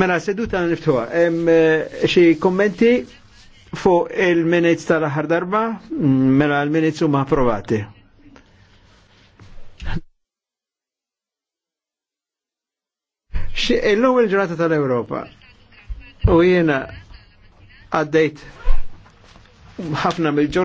Mela, seduta niftuħa. Eh, xi kommenti fuq il-minutes tal ħar darba, mm, mela il minutes huma approvati. Illum il-ġurnata tal europa U jiena għaddejt ħafna mill